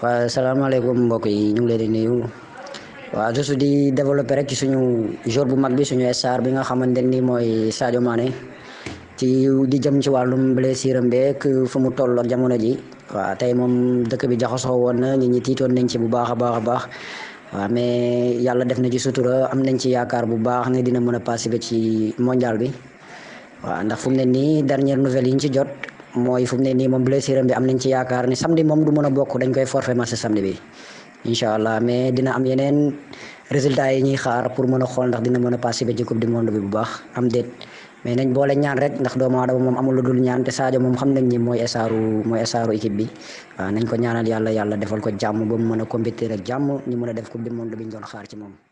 waa salaamaaleykum mbokk yi ñu ngi leen di nuyu waaw juste di développer rek ci suñu jour bu mag bi suñu star bi nga xamante ni mooy Sadio Mané ci di jëm ci wàllum blessure am beeg fu mu toll ak jamono ji waaw tey moom dëkk bi jaxasoo woon na nit ñi tiitoon nañ ci bu baax a baax a baax waaw mais yàlla def na ci sutura am nañ ci yaakaar bu baax ne dina mën a ba ci mondial bi waaw ndax fu mu ne nii yi ñu ci jot mooy fu mu ne nii moom blessure am bi am nañ ci yaakaar ni samedi moom du mën a bokk dañ koy forfait match samedi bi incha allah mais dina am yeneen résultat yi ñuy xaar pour mën a xool ndax dina mën a passé ba ci coupe du monde bi bu baax am déet mais nañ boole ñaan rek ndax a aadama moom amul lu dul ñaan te Sadio moom xam nañ ni mooy esaaru mooy esaaru équipe bi nañ ko ñaanal yàlla yàlla defal ko jàmm ba mu mën a compétir ak jàmm ñu mën a def coupe du monde bi ñu doon xaar ci moom.